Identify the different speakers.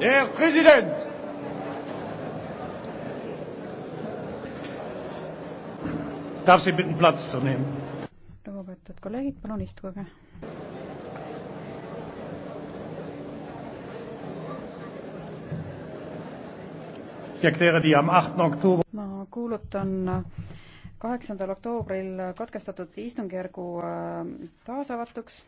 Speaker 1: Herr Präsident!
Speaker 2: Darf Sie bitten, Platz zu nehmen?
Speaker 3: lugupeetud kolleegid, palun istuge.
Speaker 4: ma kuulutan kaheksandal oktoobril katkestatud istungjärgu äh, taasavatuks.